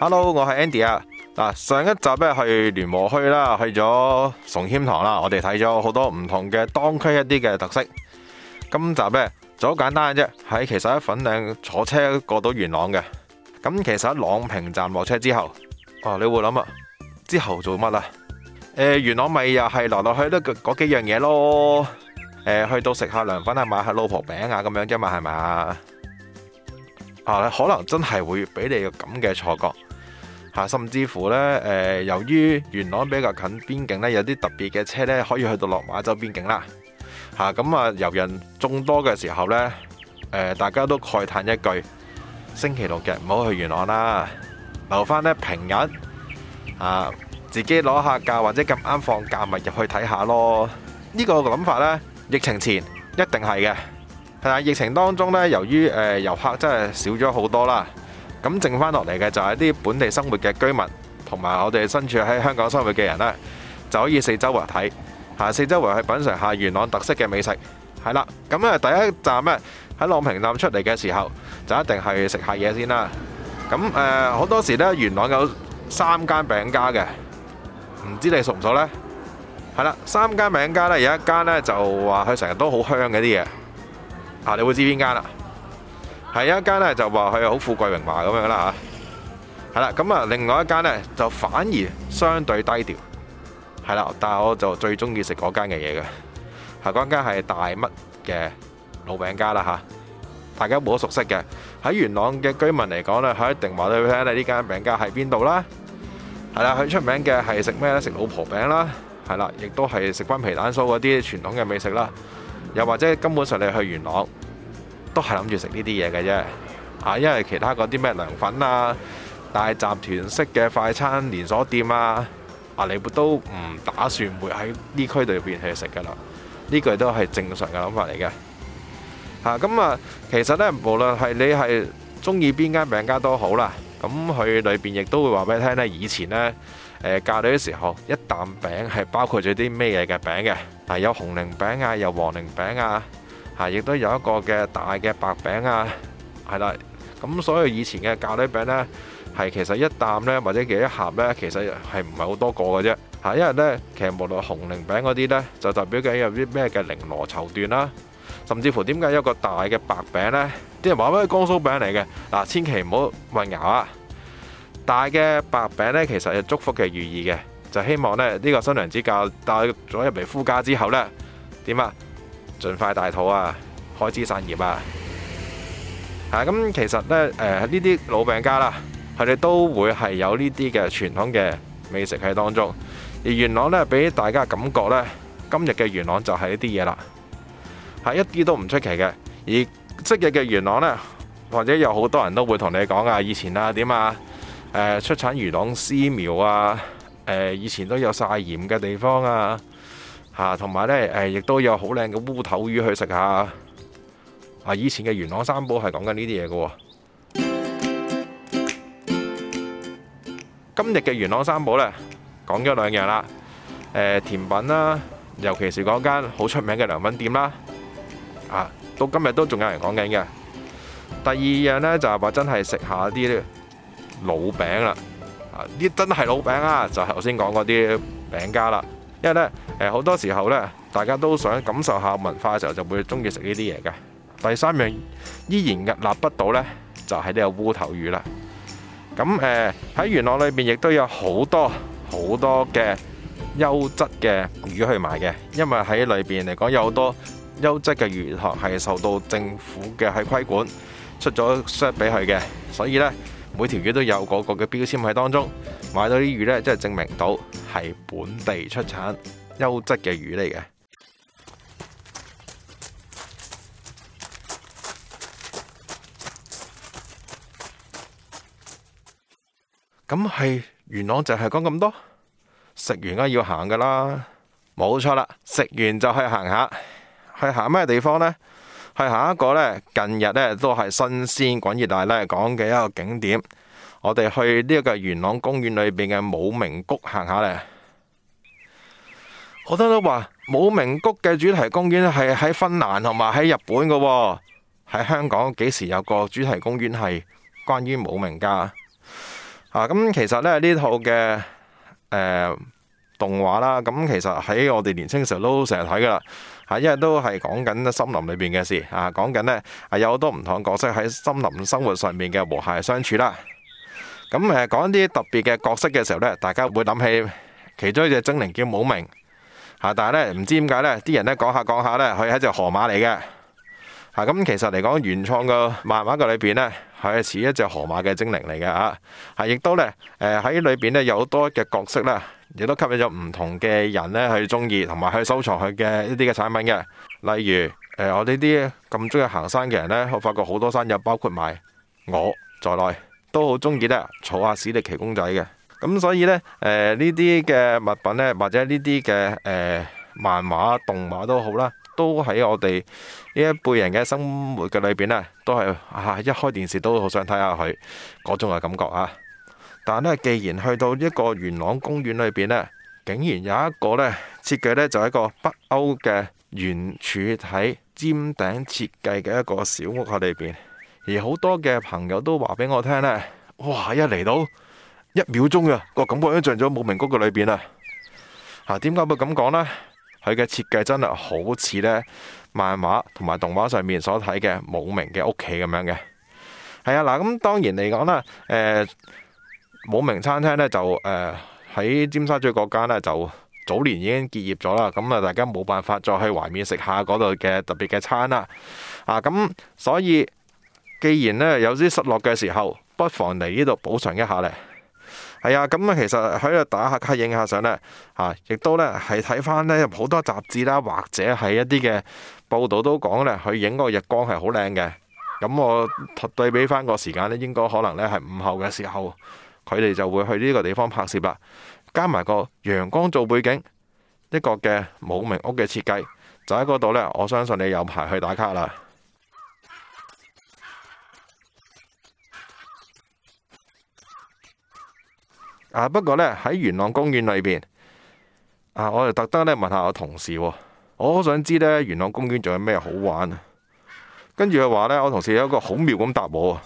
Hello，我係 Andy 啊。嗱，上一集咧，去聯和墟啦，去咗崇謙堂啦，我哋睇咗好多唔同嘅當區一啲嘅特色。今集咧就好簡單嘅啫，喺其實喺粉嶺坐車過到元朗嘅。咁其實喺朗平站落車之後，哦、啊，你會諗啊，之後做乜啊？元朗咪又係嚟嚟去去都嗰幾樣嘢咯。去到食下涼粉啊，買下老婆餅啊，咁樣啫嘛，係咪？啊，可能真係會俾你個咁嘅錯覺。甚至乎呢，誒、呃，由於元朗比較近邊境呢，有啲特別嘅車呢可以去到落馬洲邊境啦。嚇，咁啊，遊人眾多嘅時候呢、呃，大家都慨嘆一句：星期六嘅唔好去元朗啦，留翻呢平日啊，自己攞下假或者咁啱放假咪入去睇下咯。呢、呢個諗法呢，疫情前一定係嘅，但、啊、係疫情當中呢，由於誒遊客真係少咗好多啦。咁剩翻落嚟嘅就係一啲本地生活嘅居民，同埋我哋身處喺香港生活嘅人呢，就可以四周圍睇吓，四周圍去品嘗下元朗特色嘅美食，係啦。咁啊第一站呢，喺朗屏站出嚟嘅時候，就一定係食下嘢先啦。咁誒好多時呢，元朗有三間餅家嘅，唔知你熟唔熟呢？係啦，三間餅家呢，有一間呢，就話佢成日都好香嘅啲嘢，你會知邊間啦？係一間咧，就話佢好富貴榮華咁樣啦嚇，係啦咁啊，另外一間咧，就反而相對低調，係啦，但係我就最中意食嗰間嘅嘢嘅。佢嗰間係大乜嘅老餅家啦嚇，大家冇咗熟悉嘅喺元朗嘅居民嚟講咧，佢一定話俾你聽呢間餅家喺邊度啦，係啦，佢出名嘅係食咩咧？食老婆餅啦，係啦，亦都係食返皮蛋酥嗰啲傳統嘅美食啦，又或者根本上你去元朗。都係諗住食呢啲嘢嘅啫，啊！因為其他嗰啲咩涼粉啊、大集團式嘅快餐連鎖店啊，阿你都唔打算會喺呢區裏邊去食噶啦。呢個都係正常嘅諗法嚟嘅。吓咁啊，其實呢，無論係你係中意邊間餅家都好啦，咁佢裏邊亦都會話俾你聽呢以前呢，誒嫁女嘅時候，一啖餅係包括咗啲咩嘢嘅餅嘅，啊有紅菱餅啊，有黃菱餅啊。嚇，亦都有一個嘅大嘅白餅啊，係啦，咁所以以前嘅咖喱餅咧，係其實一啖咧，或者其實一盒咧，其實係唔係好多個嘅啫。嚇，因為咧，其實無論紅菱餅嗰啲咧，就代表緊有啲咩嘅綾羅綢緞啦，甚至乎點解一個大嘅白餅咧，啲人話咩光酥餅嚟嘅嗱，千祈唔好混淆啊！大嘅白餅咧，其實係祝福嘅寓意嘅，就希望咧呢個新娘子嫁帶咗入嚟夫家之後咧，點啊？盡快大肚啊，開枝散葉啊！咁、啊、其實咧，誒呢啲老餅家啦，佢哋都會係有呢啲嘅傳統嘅美食喺當中。而元朗呢，俾大家感覺呢，今日嘅元朗就係呢啲嘢啦，係、啊、一啲都唔出奇嘅。而昔日嘅元朗呢，或者有好多人都會同你講啊，以前啊點啊、呃，出產元朗絲苗啊、呃，以前都有晒鹽嘅地方啊。嚇、啊，同埋呢，誒，亦都有好靚嘅烏頭魚去食下啊。啊，以前嘅元朗三寶係講緊呢啲嘢嘅。今日嘅元朗三寶呢，講咗兩樣啦、呃。甜品啦、啊，尤其是嗰間好出名嘅涼粉店啦、啊啊。到今日都仲有人講緊嘅。第二樣呢，就係、是、話真係食下啲老餅啦。啊，呢啲真係老餅啊，就係頭先講嗰啲餅家啦。因為咧，誒好多時候咧，大家都想感受下文化嘅時候，就會鍾意食呢啲嘢嘅。第三樣依然屹立不倒呢，就係、是、呢個烏頭魚啦。咁誒喺元朗裏邊亦都有好多好多嘅優質嘅魚去賣嘅，因為喺裏邊嚟講有好多優質嘅魚塘係受到政府嘅係規管，出咗 set 俾佢嘅，所以呢，每條魚都有嗰個嘅標籤喺當中。買到啲魚呢，即係證明到係本地出產優質嘅魚嚟嘅。咁係元朗就係講咁多，食完啦要行㗎啦，冇錯啦，食完就去行下，去行咩地方呢？去行一個呢。近日呢，都係新鮮滾熱辣講嘅一個景點。我哋去呢一個元朗公園裏邊嘅姆明谷行下咧。好多都話，姆明谷嘅主題公園係喺芬蘭同埋喺日本嘅，喺香港幾時有個主題公園係關於姆明㗎啊？咁其實咧，呢套嘅誒動畫啦，咁其實喺我哋年輕嘅時候都成日睇噶啦，係因為都係講緊森林裏邊嘅事啊，講緊咧有好多唔同角色喺森林生活上面嘅和諧相處啦。咁誒，講一啲特別嘅角色嘅時候咧，大家會諗起其中一隻精靈叫冇名吓，但係咧唔知點解咧，啲人咧講下講下咧，佢係一隻河馬嚟嘅吓。咁其實嚟講，原創嘅漫畫嘅裏邊咧，係似一隻河馬嘅精靈嚟嘅吓。係亦都咧，誒喺裏邊咧有好多嘅角色咧，亦都吸引咗唔同嘅人咧去中意，同埋去收藏佢嘅一啲嘅產品嘅。例如，誒我哋啲咁中意行山嘅人咧，我發覺好多山友包括埋我在內。都好中意咧，坐下史力奇公仔嘅，咁所以呢，誒呢啲嘅物品呢，或者呢啲嘅誒漫畫、動畫都好啦，都喺我哋呢一輩人嘅生活嘅裏邊呢，都係啊一開電視都好想睇下佢嗰種嘅感覺啊！但呢，既然去到一個元朗公園裏邊呢，竟然有一個呢設計呢，就係一個北歐嘅圓柱體尖頂設計嘅一個小屋喺裏邊。而好多嘅朋友都話俾我聽呢，哇！一嚟到一秒鐘啊，個感覺已經進咗《冇名谷》嘅裏邊啦。啊，點解會咁講呢？佢嘅設計真係好似呢漫畫同埋動畫上面所睇嘅《冇名嘅屋企》咁樣嘅。係啊，嗱，咁當然嚟講啦，誒，《冇名餐廳》呢，就誒喺尖沙咀嗰間呢，就早年已經結業咗啦。咁啊，大家冇辦法再去懷念食下嗰度嘅特別嘅餐啦。啊，咁所以。既然咧有啲失落嘅時候，不妨嚟呢度補償一下咧。係啊，咁啊，其實喺度打下卡、影下相咧，啊，亦都咧係睇翻咧好多雜誌啦，或者係一啲嘅報道都講咧，佢影嗰個日光係好靚嘅。咁我對比翻個時間咧，應該可能咧係午後嘅時候，佢哋就會去呢個地方拍攝啦。加埋個陽光做背景，一個嘅冇名屋嘅設計，就喺嗰度咧。我相信你有排去打卡啦。啊！不過呢，喺元朗公園裏邊，啊，我又特登呢問下我同事，我好想知呢元朗公園仲有咩好玩啊！跟住佢話呢，我同事有一個好妙咁答我啊，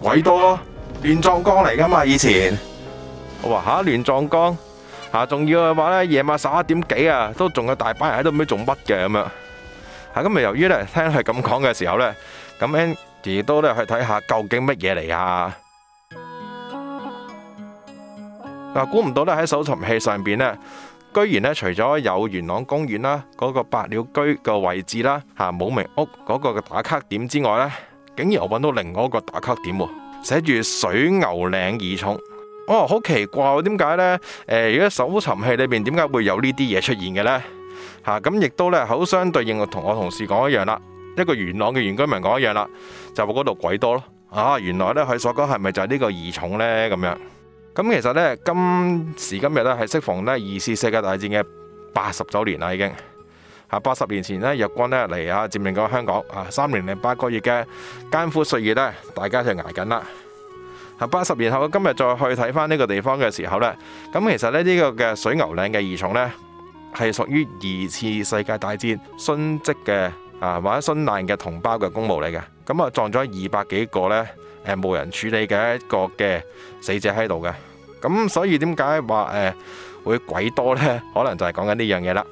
鬼多咯，亂葬崗嚟噶嘛！以前，我話吓亂葬崗，吓仲要嘅話呢，夜晚十一點幾啊，都仲、啊、有大把人喺度唔知做乜嘅咁樣。吓咁，咪由於咧，聽佢咁講嘅時候咧，咁樣亦都咧去睇下究竟乜嘢嚟啊？嗱，估唔到咧喺搜尋器上邊咧，居然咧除咗有元朗公園啦、嗰個百鳥居嘅位置啦、嚇冇名屋嗰個嘅打卡點之外咧，竟然又揾到另外一個打卡點，寫住水牛嶺二重，哦，好奇怪喎！點解咧？誒，如果搜尋器裏邊點解會有呢啲嘢出現嘅咧？嚇咁亦都咧，好相對應同我同事講一樣啦，一個元朗嘅原居民講一樣啦，就話嗰度鬼多咯。啊，原來咧佢所講係咪就係呢個二重呢？咁樣？咁其實咧今時今日咧係適逢呢二次世界大戰嘅八十周年啦，已經嚇八十年前呢，日軍呢嚟啊佔領咗香港啊三年零八個月嘅艱苦歲月呢，大家就捱緊啦。八十年後今日再去睇翻呢個地方嘅時候呢，咁其實呢，呢個嘅水牛嶺嘅二重呢。係屬於二次世界大戰殉職嘅啊，或者殉難嘅同胞嘅公墓嚟嘅，咁啊撞咗二百幾個呢，誒冇人處理嘅一個嘅死者喺度嘅，咁所以點解話誒會鬼多呢？可能就係講緊呢樣嘢啦。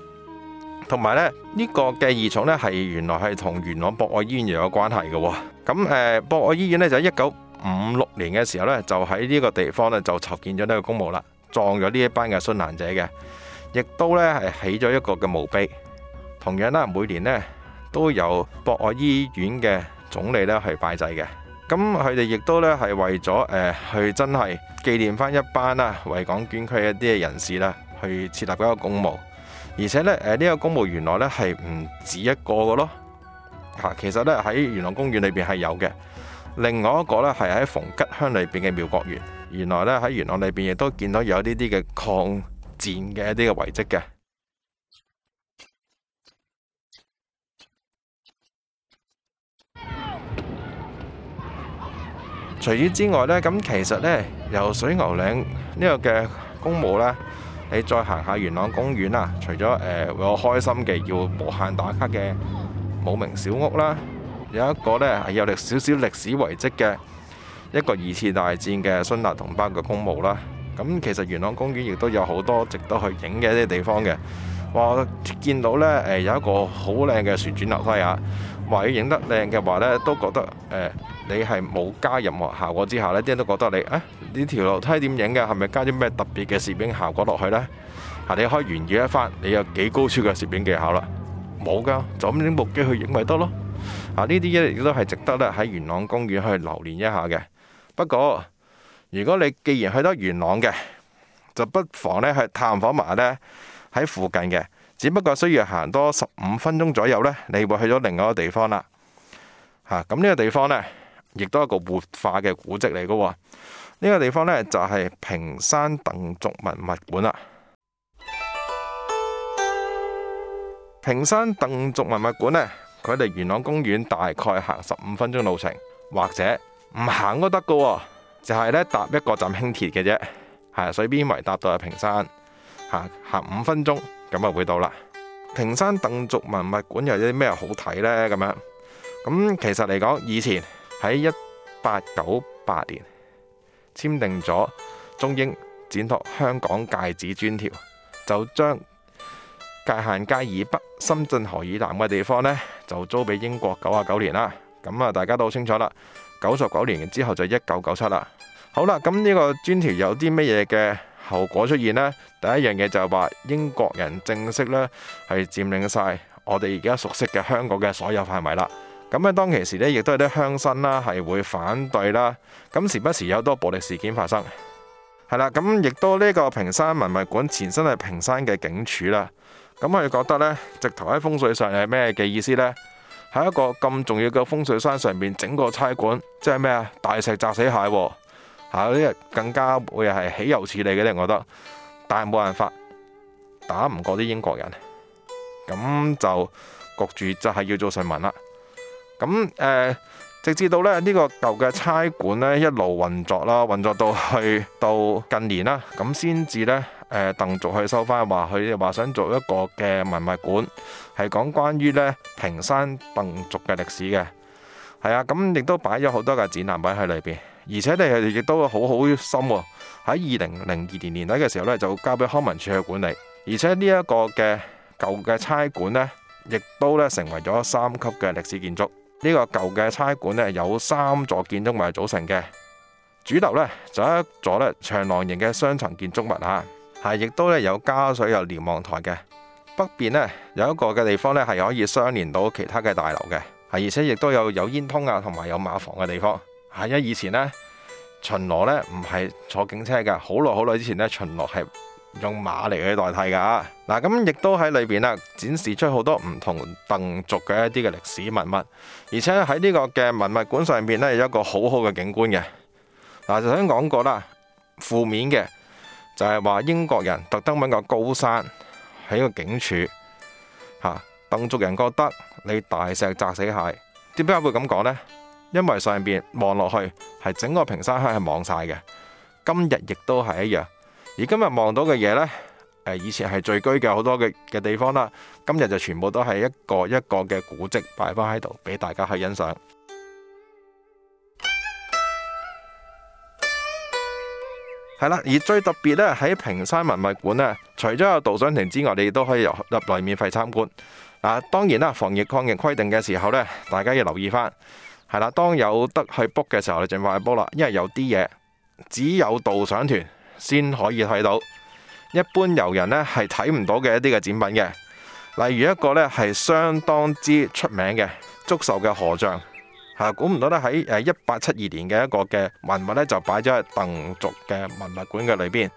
同埋呢，呢、呢個嘅義塚呢，係原來係同元朗博愛醫院有關係嘅。咁誒博愛醫院呢，就喺一九五六年嘅時候呢，就喺呢個地方呢，就籌建咗呢個公墓啦，葬咗呢一班嘅殉難者嘅。亦都咧係起咗一個嘅墓碑，同樣啦，每年咧都有博愛醫院嘅總理咧去拜祭嘅。咁佢哋亦都咧係為咗誒去真係紀念翻一班啦，為港捐軀一啲嘅人士啦，去設立嗰個公墓。而且咧誒，呢個公墓原來咧係唔止一個嘅咯吓，其實咧喺元朗公園裏邊係有嘅，另外一個咧係喺逢吉鄉裏邊嘅妙國園。原來咧喺元朗裏邊亦都見到有呢啲嘅抗。戰嘅一啲嘅遺跡嘅。除咗之外呢，咁其實呢，由水牛嶺呢個嘅公墓呢，你再行下元朗公園啊，除咗誒、呃、我開心嘅要無限打卡嘅冇名小屋啦，有一個呢係有啲少少歷史遺跡嘅一個二次大戰嘅殉難同胞嘅公墓啦。咁其實元朗公園亦都有好多值得去影嘅一啲地方嘅，哇！見到咧誒有一個好靚嘅旋轉樓梯啊，話要影得靚嘅話咧，都覺得誒你係冇加任何效果之下咧，啲人都覺得你啊呢條樓梯點影嘅，係咪加啲咩特別嘅攝影效果落去咧？啊，你可以炫耀一番，你有幾高超嘅攝影技巧啦？冇噶，就咁拎部機去影咪得咯。啊，呢啲嘢亦都係值得咧喺元朗公園去留念一下嘅。不過，如果你既然去得元朗嘅，就不妨咧去探訪埋咧喺附近嘅，只不過需要行多十五分鐘左右咧，你會去到另外一個地方啦。吓、啊，咁、這、呢個地方咧亦都係一個活化嘅古跡嚟噶、哦。呢、這個地方咧就係、是、屏山鄧族文物館啦。屏山鄧族文物館咧，佢離元朗公園大概行十五分鐘路程，或者唔行都得噶。就係咧搭一個站輕鐵嘅啫，係水邊圍搭到去屏山，吓行五分鐘咁啊會到啦。屏山鄧族文物館有啲咩好睇呢？咁樣咁其實嚟講，以前喺一八九八年簽訂咗中英《展拓香港界址專條》，就將界限街以北、深圳河以南嘅地方呢，就租俾英國九十九年啦。咁啊，大家都好清楚啦。九十九年之後就一九九七啦。好啦，咁呢個專條有啲乜嘢嘅後果出現呢？第一樣嘢就係話英國人正式咧，係佔領晒我哋而家熟悉嘅香港嘅所有範圍啦。咁咧，當其時咧，亦都有啲鄉紳啦係會反對啦。咁時不時有多暴力事件發生。係啦，咁亦都呢個屏山文物館前身係屏山嘅警署啦。咁佢覺得呢，直頭喺風水上係咩嘅意思呢？喺一個咁重要嘅風水山上面整個差館，即係咩啊？大石砸死蟹，啊，吓呢啲更加會係豈有此理嘅咧。我覺得，但係冇辦法，打唔過啲英國人，咁就焗住就係要做順民啦。咁誒、呃，直至到咧呢、這個舊嘅差館咧一路運作啦，運作到去到近年啦，咁先至咧。誒鄧族去收翻，話佢哋話想做一個嘅文物館，係講關於咧屏山鄧族嘅歷史嘅係啊。咁亦都擺咗好多嘅展覽品喺裏面。而且你係亦都好好心喎。喺二零零二年年底嘅時候咧，就交俾康文署去管理，而且呢一個嘅舊嘅差館咧，亦都咧成為咗三級嘅歷史建築。這個、舊呢個舊嘅差館咧有三座建築物組成嘅，主樓咧就是、一座咧長廊型嘅雙層建築物啊。係，亦都咧有加水有瞭望台嘅，北邊咧有一個嘅地方咧係可以相連到其他嘅大樓嘅，係而且亦都有有煙囪啊，同埋有馬房嘅地方，係因以前呢，巡邏呢唔係坐警車噶，好耐好耐之前呢，巡邏係用馬嚟去代替噶，嗱咁亦都喺裏邊啊展示出好多唔同鄧族嘅一啲嘅歷史文物，而且喺呢個嘅文物館上邊呢，有一個好好嘅景觀嘅，嗱就頭先講過啦，負面嘅。就係、是、話英國人特登揾個高山喺個警署吓，鄧族人覺得你大石砸死蟹，點解會咁講呢？因為上邊望落去係整個屏山鄉係望晒嘅。今日亦都係一樣，而今日望到嘅嘢呢，誒，以前係聚居嘅好多嘅嘅地方啦。今日就全部都係一個一個嘅古蹟擺翻喺度，俾大家去欣賞。係啦，而最特別咧喺屏山文物館咧，除咗有導賞團之外，你都可以入入嚟免費參觀。嗱，當然啦，防疫抗疫規定嘅時候咧，大家要留意返。係啦，當有得去 book 嘅時候，你儘快去 book 啦，因為有啲嘢只有導賞團先可以睇到，一般遊人咧係睇唔到嘅一啲嘅展品嘅，例如一個咧係相當之出名嘅祝壽嘅賀幛。嚇，估唔到咧喺誒一八七二年嘅一個嘅文物咧，就擺咗喺鄧族嘅文物館嘅裏邊，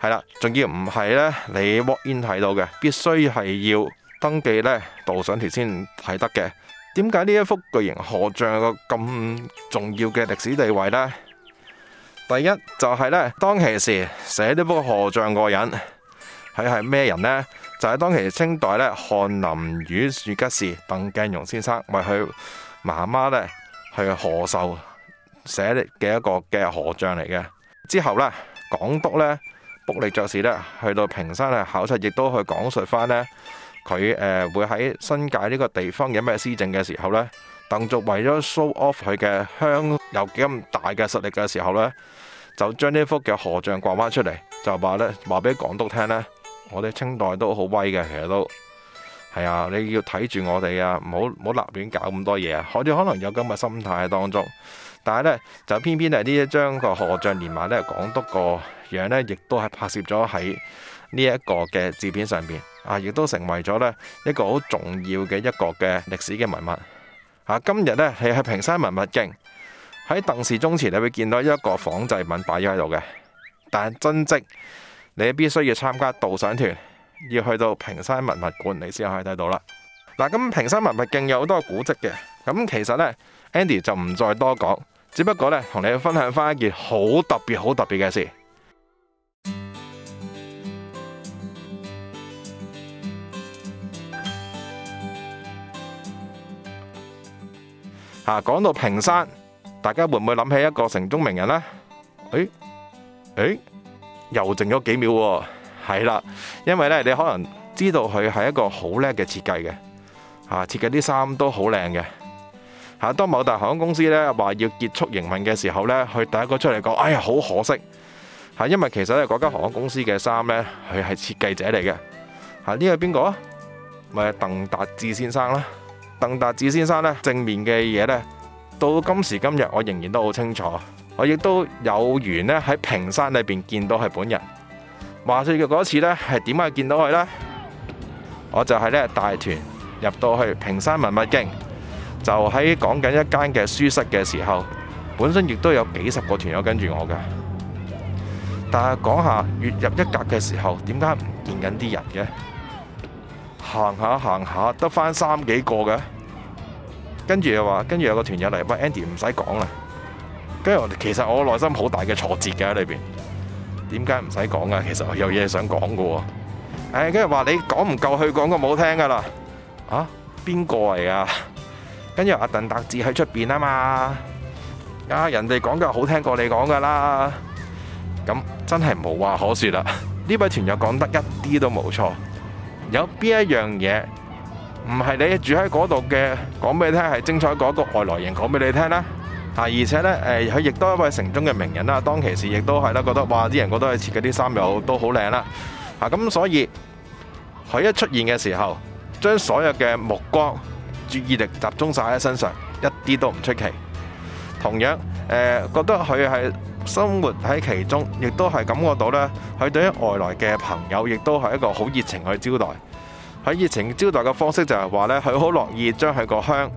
係啦，仲要唔係咧？你 walk in 睇到嘅必須係要登記咧，導賞團先睇得嘅。點解呢一幅巨型賀幛有個咁重要嘅歷史地位咧？第一就係咧，當其時寫呢幅賀幛個人，佢係咩人咧？就係當其時清代咧，翰林院庶吉士鄧鏡容先生為佢。媽媽咧係何壽寫嘅一個嘅荷像嚟嘅。之後呢，港督呢，卜力爵士呢，去到屏山咧考察，亦都去講述翻呢。佢誒、呃、會喺新界呢個地方有咩施政嘅時候呢，鄧族為咗 show off 佢嘅鄉有幾咁大嘅實力嘅時候呢，就將呢幅嘅荷像掛翻出嚟，就話呢話俾港督聽呢，我哋清代都好威嘅，其實都。係啊，你要睇住我哋啊，唔好唔好立亂搞咁多嘢啊！我哋可能有咁嘅心態喺當中，但係呢，就偏偏係呢一張個和尚連環呢。港督個樣呢，亦都係拍攝咗喺呢一個嘅照片上邊啊，亦都成為咗呢一個好重要嘅一個嘅歷史嘅文物啊！今日呢，你喺屏山文物徑喺鄧氏宗祠，你會見到一個仿製品擺咗喺度嘅，但係真跡你必須要參加導賞團，要去到平山文物館，你先可以睇到啦。嗱，咁平山文物徑有好多古跡嘅，咁其實呢 Andy 就唔再多講，只不過呢，同你分享翻一件好特別、好特別嘅事。吓、啊，講到平山，大家會唔會諗起一個城中名人呢？誒、哎、誒、哎，又剩咗幾秒喎、啊！係啦，因為咧，你可能知道佢係一個好叻嘅設計嘅，吓，設計啲衫都好靚嘅。吓，當某大航空公司咧話要結束營運嘅時候呢，佢第一個出嚟講：，哎呀，好可惜！吓，因為其實咧，嗰間航空公司嘅衫呢，佢係設計者嚟嘅。吓、這個，呢個邊個？咪鄧達智先生啦。鄧達智先生呢，正面嘅嘢呢，到今時今日我仍然都好清楚，我亦都有緣呢，喺屏山裏邊見到佢本人。話説嗰次呢，係點解見到佢呢？我就係咧大團入到去平山文物徑，就喺講緊一間嘅書室嘅時候，本身亦都有幾十個團友跟住我㗎。但係講下越入一格嘅時候，點解唔見緊啲人嘅？行下行下得返三幾個嘅，跟住又話跟住有個團友嚟，喂 Andy 唔使講啦。跟住我其實我內心好大嘅挫折嘅喺裏邊。點解唔使講啊？其實我有嘢想講噶。誒，跟住話你講唔夠，佢講個冇聽噶啦。啊，邊個嚟啊？跟住阿鄧達志喺出邊啊嘛。啊，人哋講嘅好聽過你講噶啦。咁真係無話可說啦。呢位團友講得一啲都冇錯。有邊一樣嘢唔係你住喺嗰度嘅？講俾你聽係精彩嗰個外來人講俾你聽啦。啊！而且呢，誒佢亦都一位城中嘅名人啦。當其時，亦都係啦，覺得哇！啲人覺得佢設計啲衫又都好靚啦。咁、啊，所以佢一出現嘅時候，將所有嘅目光注意力集中晒喺身上，一啲都唔出奇。同樣誒、呃，覺得佢係生活喺其中，亦都係感覺到呢，佢對於外來嘅朋友，亦都係一個好熱情去招待。佢熱情招待嘅方式就係話呢，佢好樂意將佢個香，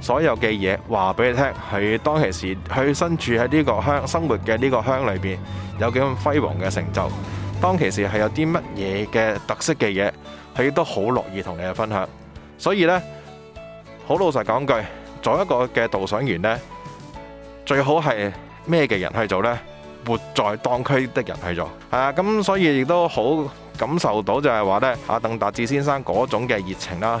所有嘅嘢話俾你聽，佢當其時，佢身處喺呢個鄉生活嘅呢個鄉裏邊，有幾咁輝煌嘅成就。當其時係有啲乜嘢嘅特色嘅嘢，佢都好樂意同你去分享。所以呢，好老實講句，做一個嘅導賞員呢，最好係咩嘅人去做呢？活在當區的人去做。係啊，咁所以亦都好感受到就係話呢，阿鄧達智先生嗰種嘅熱情啦。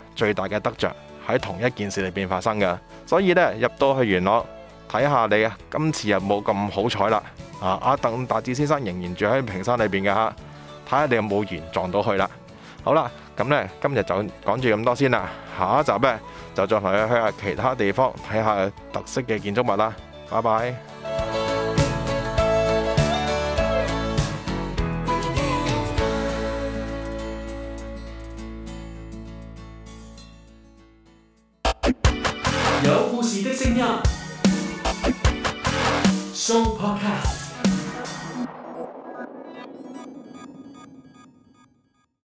最大嘅得着喺同一件事裏邊發生嘅，所以呢，入到去元朗睇下，看看你今次又冇咁好彩啦！啊，阿鄧達志先生仍然住喺屏山裏邊嘅吓，睇下你有冇緣撞到佢啦。好啦，咁呢，今日就講住咁多先啦，下一集呢，就再同你去下其他地方睇下特色嘅建築物啦。拜拜。